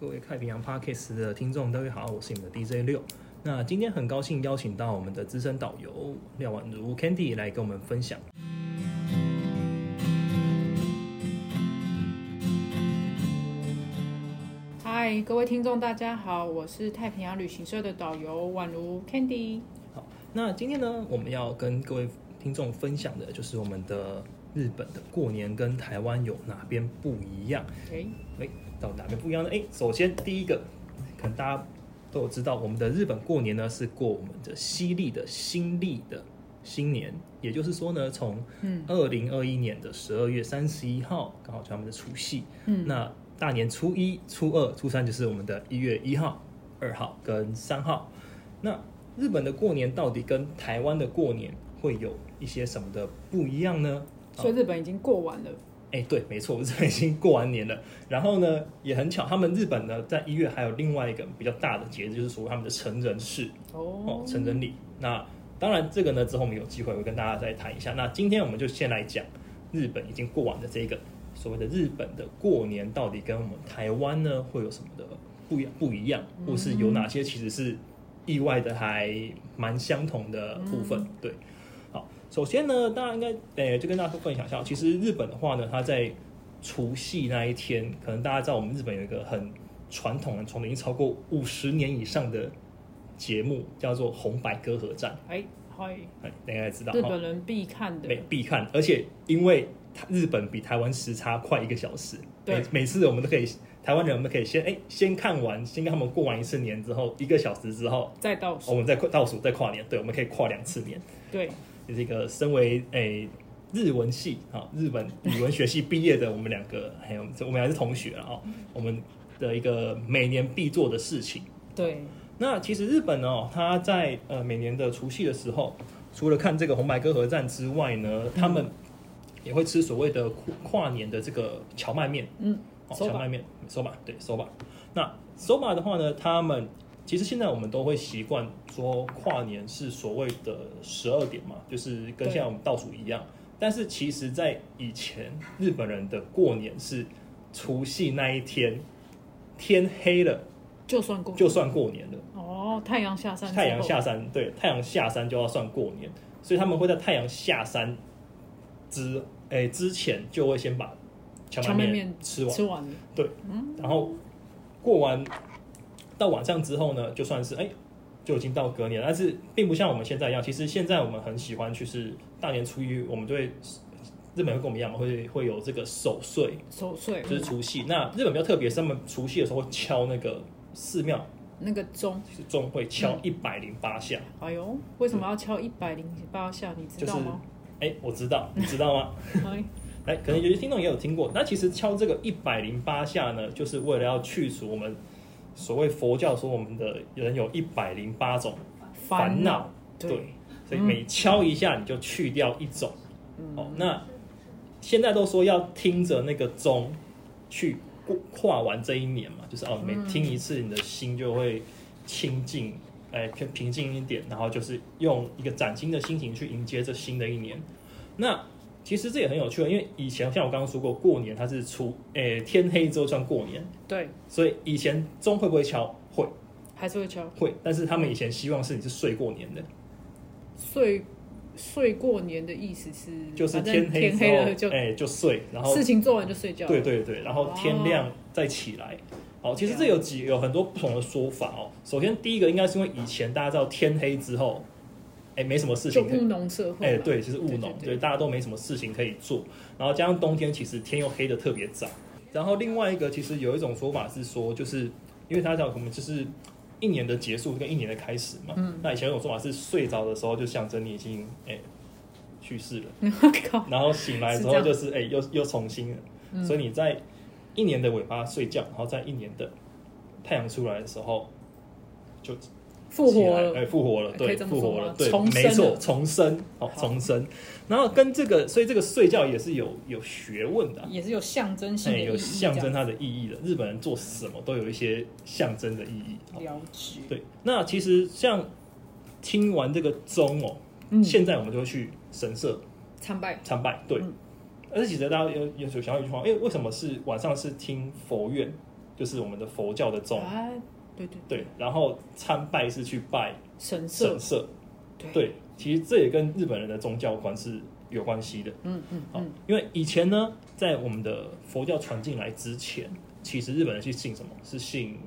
各位太平洋 Podcast 的聽眾，大家好，我是你們的 DJ Ryou。那今天很高興邀請到我們的資深導遊廖婉汝 Candy 來跟我們分享。嗨，各位聽眾，大家好，我是太平洋旅行社的導遊婉汝 Candy。好，那今天呢，我們要跟各位聽眾分享的就是我們的日本的過年跟台灣有哪邊不一樣？誒，誒，到哪邊不一樣呢？誒，首先第一個，可能大家都有知道，我們的日本過年呢是過我們的西曆的新曆的新年，也就是說呢，從二零二一年的十二月三十一號，嗯、剛好就是他們的除夕。嗯，那大年初一、初二、初三就是我們的一月一號、二號跟三號。那日本的過年到底跟台灣的過年？會有一些什麼的不一樣呢？所以日本已經過完了。哎、哦，對，沒錯，日本已經過完年了。然後呢，也很巧，他們日本呢，在一月還有另外一個比較大的節日，就是所謂他們的成人式哦，哦，成人禮。嗯、那當然，這個呢之後我們有機會我會跟大家再談一下。那今天我們就先來講日本已經過完的這個所謂的日本的過年，到底跟我們台灣呢會有什麼的不一樣？不一樣，嗯、或是有哪些其實是意外的還蠻相同的部分，嗯、對。首先呢，大家應該誒、欸、就跟大家分享一下，其實日本的話呢，它在除夕那一天，可能大家知道我們日本有一個很傳統的，從已經超過五十年以上的節目，叫做紅白歌合戰。哎，嗨，哎，大家知道日本人必看的、哦、沒必看，而且因為他日本比台灣時差快一個小時，每對、欸、每次我們都可以台灣人我們可以先哎、欸、先看完，先跟他們過完一次年之後，一個小時之後再倒數、哦，我們再倒數再跨年，對，我們可以跨兩次年，嗯、對。這是一個身為誒、欸、日文系啊、喔，日本語文學系畢業的我們兩個，還有 我們還是同學、喔、我們的一個每年必做的事情。對。那其實日本呢、喔，他在呃每年的除夕的時候，除了看這個紅白歌合戰之外呢，嗯、他們也會吃所謂的跨年的這個蕎麥麵。嗯。哦、喔，蕎麥麵 Soba，嗯、對 Soba、嗯。那 Soba 的話呢，他們。其實現在我們都會習慣說跨年是所謂的十二點嘛，就是跟現在我們倒數一樣。對但是其實，在以前日本人的過年是除夕那一天天黑了就算過就算過年了。哦，太陽下山，太陽下山，對，太陽下山就要算過年，所以他們會在太陽下山之、嗯、誒之前，就會先把蕎麥麵，麵吃完，吃完了。對，嗯、然後過完。到晚上之後呢，就算是哎、欸，就已經到隔年，但是並不像我們現在一樣。其實現在我們很喜歡，就是大年初一，我們對日本人會跟我們一樣，會會有這個守歲。守歲穿就是除夕。嗯、那日本比較特別，他們除夕的時候會敲那個寺廟那個鐘，鐘會敲一百零八下、嗯。哎呦，為什麼要敲一百零八下？嗯、你知道嗎？哎、就是欸，我知道，你知道嗎？哎、 嗯，可能有些聽眾也有聽過。那其實敲這個一百零八下呢，就是為了要去除我們。所謂佛教說，我們的人有一百零八種煩惱，對，所以每敲一下你就去掉一種。哦，那現在都說要聽着那個鐘去過，跨完這一年嘛，就是哦，每聽一次你的心就會清靜，哎，平靜一點，然後就是用一個嶄新的心情去迎接這新的一年。那。其實這也很有趣，因為以前像我剛剛說過，過年它是出誒、欸、天黑之後算過年，對，所以以前鐘會不會敲？會，還是會敲？會，但是他們以前希望是你是睡過年的，睡睡過年的意思是就是天黑之後、啊、天黑了就、欸、就睡，然後事情做完就睡覺，對對對，然後天亮再起來。哇好，其實這有幾有很多不同的說法哦。啊、首先第一個應該是因為以前大家知道天黑之後。哎、欸，沒什麼事情可以。哎、欸，對，就是務農，對、對、對、對，大家都沒什麼事情可以做。然後加上冬天，其實天又黑的特別早。然後另外一個，其實有一種說法是說，就是因為他講我們，就是一年的結束跟一年的開始嘛。嗯。那以前有種說法是，睡着的時候就象徵你已經哎、欸、去世了， 然後醒來之後就是哎、欸、又又重新了。嗯、所以你在一年的尾巴睡覺，然後在一年的太陽出來的時候就。復活了，哎，欸、復活了，對，欸、復活了，對，沒錯，重生，好，好重生，然後跟這個，所以這個睡覺也是有有學問的，啊，也是有象徵性的意義，欸，有象徵它的意義的。日本人做什麼都有一些象徵的意義。了解。對，那其實像聽完這個鐘哦、喔，嗯、現在我們就會去神社參拜，參拜，對。嗯、而且其實大家有有想到一句話，哎、欸，為什麼是晚上是聽佛院，就是我們的佛教的鐘？啊對對對，然後參拜是去拜神社神社，對，對，其實這也跟日本人的宗教觀是有關係的，嗯嗯，嗯好，因為以前呢，在我們的佛教傳進來之前，嗯、其實日本人去信什麼是信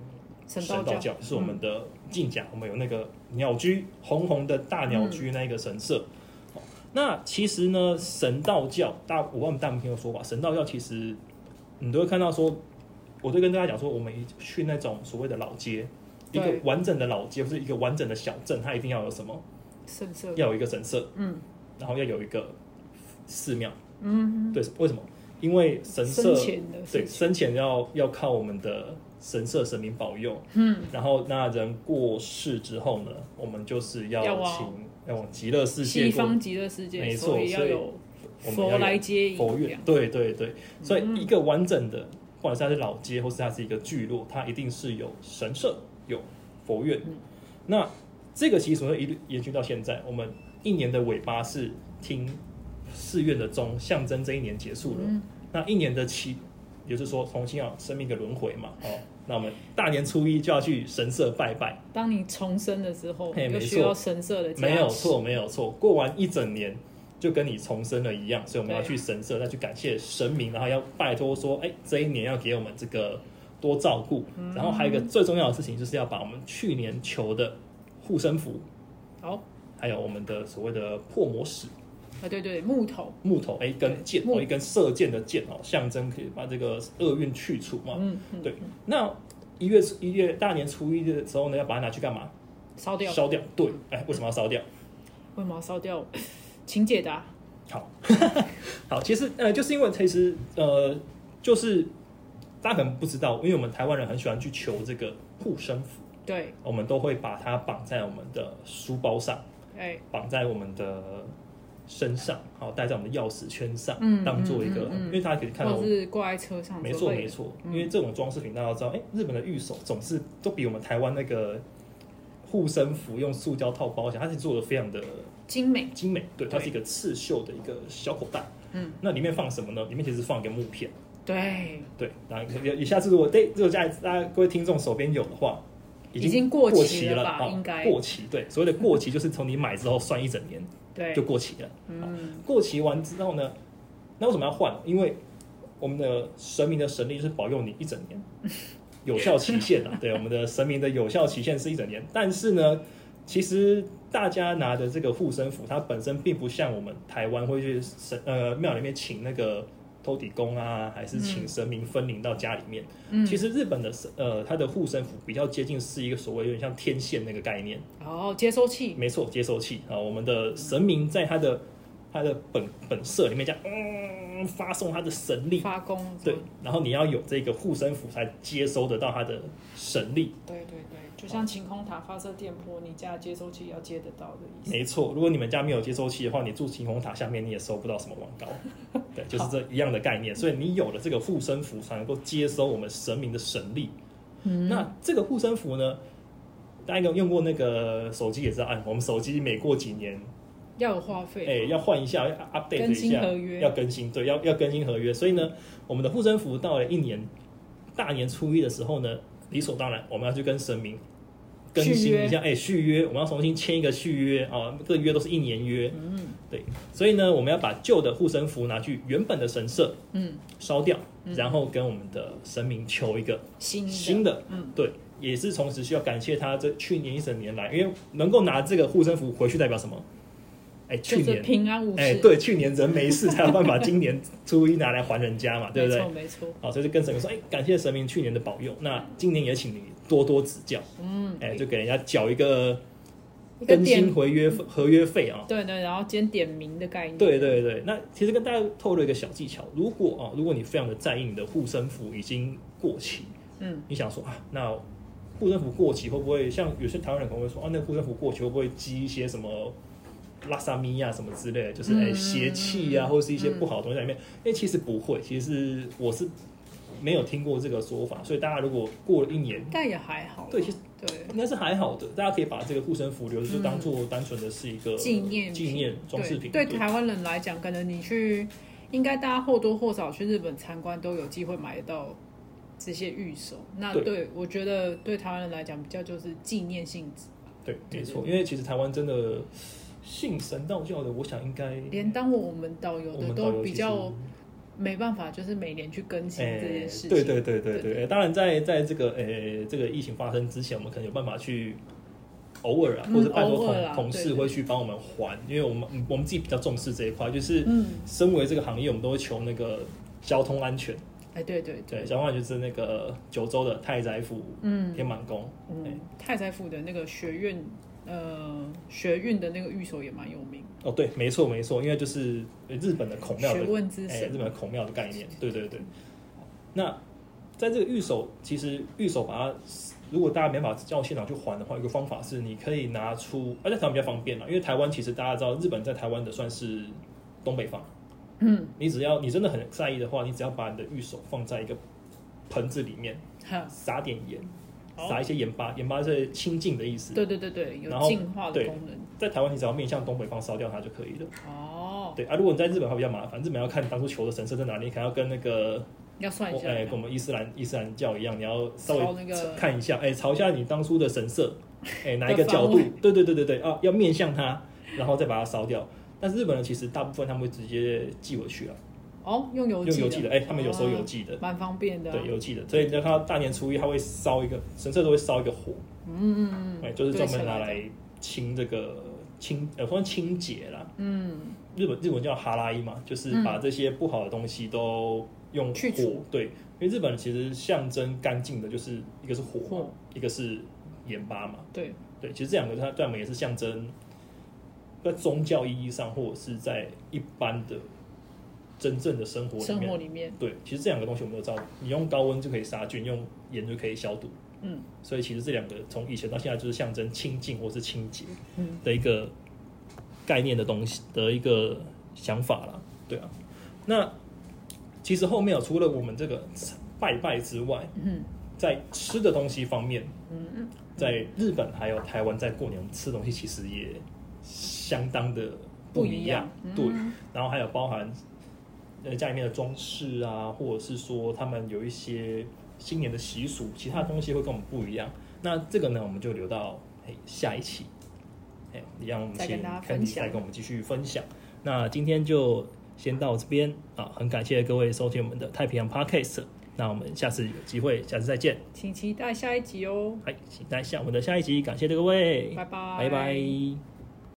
神道教，道教是我們的靜假，嗯、我們有那個鳥居，紅紅的大鳥居那一個神社，嗯，那其實呢，神道教大，我按大部分有說法，神道教其實你都會看到說。我就跟大家講說，我們去那種所謂的老街，一個完整的老街，不是一個完整的小鎮，它一定要有什麼，要有一個神社，嗯，然後要有一個寺廟，嗯，對，為什麼？因為神社，對，生前要要靠我們的神社神明保佑，嗯，然後那人過世之後呢，我們就是要請要往極樂世界，西方極樂世界，沒錯，要有佛來接引，對對對，所以一個完整的。或者它是老街，或是它是一個聚落，它一定是有神社、有佛院。嗯、那這個其實從一路延續到現在，我們一年的尾巴是聽寺院的鐘，象徵這一年結束了。嗯、那一年的起，也就是說，重新要、啊、生命的輪迴嘛。哦，那我們大年初一就要去神社拜拜。當你重生的時候，就需要神社的，沒有錯，沒有錯，過完一整年。就跟你重生了一樣，所以我們要去神社，對再去感謝神明，然後要拜托說：“哎、欸，這一年要給我們這個多照顧。嗯”然後還有一個最重要的事情，就是要把我們去年求的護身符，好，還有我們的所謂的破魔石啊，對,對對，木頭，木頭，哎、欸，一根箭哦對、喔，一根射箭的箭哦、喔，象徵可以把這個厄運去除嘛。嗯對。那一月一月大年初一的時候呢，要把它拿去幹嘛？燒掉，燒掉。對，哎、欸，為什麼要燒掉？為什麼要燒掉？請解答。好， 好，其實呃，就是因為其實呃，就是大家可能不知道，因為我們台灣人很喜歡去求這個護身符，對，我們都會把它綁在我們的書包上，哎、欸，綁在我們的身上，好，戴在我們的鑰匙圈上，嗯、當做一個，嗯嗯嗯嗯、因為大家可以看到，我們是掛在車上沒，沒錯沒錯，嗯、因為這種裝飾品大家都知道，哎，日本的御守總是都比我們台灣那個護身符用塑膠套包起來，它是做的非常的。精美，精美，對，對，它是一個刺繡的一個小口袋，嗯，那裡面放什麼呢？裡面其實放一個木片，對，對，那也下次如果對，如果在大家各位聽眾手邊有的話，已經過期了，過期了吧？哦、應該過期，對，所謂的過期就是從你買之後算一整年，對、嗯，就過期了。嗯、哦，過期完之後呢，那為什麼要換？因為我們的神明的神力是保佑你一整年有效期限啊。 對，我們的神明的有效期限是一整年，但是呢。其實大家拿的這個護身符，它本身並不像我們台灣會去神呃廟裡面請那個土地公啊，還是請神明分靈到家裡面。嗯、其實日本的神呃，它的護身符比較接近是一個所謂有點像天線那個概念。哦，接收器，沒錯，接收器啊、呃，我們的神明在他的他的本本色裡面講。嗯發送他的神力，發對，然後你要有這個護身符才接收得到他的神力。對對對，就像晴空塔發射電波，你家的接收器要接得到的意思。沒錯，如果你們家沒有接收器的話，你住晴空塔下面你也收不到什麼廣告。 對，就是這一樣的概念。好所以你有了這個護身符，才能夠接收我們神明的神力。嗯，那這個護身符呢？大家有用過那個手機也知道，哎，我們手機每過幾年。要有花費，哎、欸，要換一下，update 一下，要更新，對，要要更新合約。所以呢，我們的護身符到了一年大年初一的時候呢，理所當然，我們要去跟神明更新一下，哎約、欸，續約，我們要重新簽一個續約啊，這個約都是一年約，嗯，對。所以呢，我們要把舊的護身符拿去原本的神社，嗯，燒掉，然後跟我們的神明求一個新的，新的，嗯，對，也是同時需要感謝他這去年一整年來，因為能夠拿這個護身符回去代表什麼？哎，去年平安無事，哎，對，去年人沒事才有辦法，今年初一拿來還人家嘛， 對不對？沒錯，沒錯啊，所以就跟神明說，哎，感謝神明去年的保佑，那今年也請你多多指教，嗯，哎，就給人家繳一個更新回約合約費啊，對，對對，然後今天點名的概念，對對對，那其實跟大家透露一個小技巧，如果啊，如果你非常的在意你的護身符已經過期，嗯，你想說啊，那護身符過期會不會像有些台灣人可能會說啊，那個、護身符過期會不會積一些什麼？拉薩米呀，什麼之類，就是哎邪氣呀，或者是一些不好的東西在裡面。因為其實不會，其實我是沒有聽過這個說法。所以大家如果過了一年，但也還好，對，其實對，應該是還好的。大家可以把這個護身符留，就當做單純的是一個紀念紀念裝飾品。對台灣人來講，可能你去，應該大家或多或少去日本參觀都有機會買到這些御守。那對，我覺得對台灣人來講比較就是紀念性質。對，沒錯，因為其實台灣真的。信神道教的，我想應該連當我們導遊的都比較沒辦法，就是每年去更新這些事情。欸、對對對對,對,對,對,對、欸、當然在，在在這個呃、欸、這個疫情發生之前，我們可能有辦法去偶爾啊，嗯、或者拜托同偶爾同事會去幫我們還，對對對因為我們我們自己比較重視這一塊，就是嗯，身為這個行業，我們都會求那個交通安全。哎、欸，對對對，交通安全就是那個九州的太宰府嗯，嗯，天滿宮，嗯，太宰府的那個學院。呃，學運的那個御守也蠻有名哦。對，沒錯沒錯，因為就是日本的孔廟，學問之神、欸，日本的孔廟的概念。是對對對。那在這個御守，其實御守把它，如果大家沒法叫現場去還的話，一個方法是，你可以拿出，而且可能比較方便嘛，因為台灣其實大家知道，日本在台灣的算是東北方。嗯。你只要你真的很在意的話，你只要把你的御守放在一個盆子裡面，嗯、撒點鹽。撒一些鹽巴，鹽巴是清淨的意思。對對對對，然後有淨化的功能。在台灣，你只要面向東北方燒掉它就可以了。哦，對啊，如果你在日本，會比較麻煩。日本要看當初求的神社在哪裡，可能要跟那個，要算哎，哦欸、跟我們伊斯蘭伊斯蘭教一樣，你要稍微、那個、看一下，哎、欸，朝一下你當初的神社，哎、欸，哪一個角度？對 位對對對對，啊，要面向它，然後再把它燒掉。但是日本人其實大部分他們會直接寄回去了、啊。哦，用郵，用郵寄的，哎、欸，他們有時候郵寄的，呃、對蠻方便的、啊。對，郵寄的，所以你看大年初一他會燒一個，神社都會燒一個火，嗯，哎，就是專門拿來清這個清呃，算清潔啦。嗯，日本日本叫哈拉伊嘛，就是把這些不好的東西都用火。嗯、對，因為日本其實象徵乾淨的就是一個是火，嗯、一個是鹽巴嘛。對對，其實這兩個它對我們也是象徵，在宗教意義上或者是在一般的。真正的生活裡面，裡面，對，其實這兩個東西我們都知道，你用高溫就可以殺菌，用鹽就可以消毒，嗯，所以其實這兩個從以前到現在就是象徵清淨或是清潔的一個概念的東西的一個想法了，對啊。那其實後面除了我們這個拜拜之外，在吃的東西方面，在日本還有台灣在過年吃東西其實也相當的不一樣，一樣，對，然後還有包含。呃，家裡面的裝飾啊，或者是說他們有一些新年的習俗，其他東西會跟我們不一樣。那這個呢，我們就留到下一期，哎，讓我們先，再跟大家分享，再跟我們繼續分享。那今天就先到這邊啊，很感謝各位收聽我們的太平洋 Podcast。那我們下次有機會，下次再見，請期待下一集哦。哎，請期待下我們的下一集，感謝各位，拜拜，拜拜。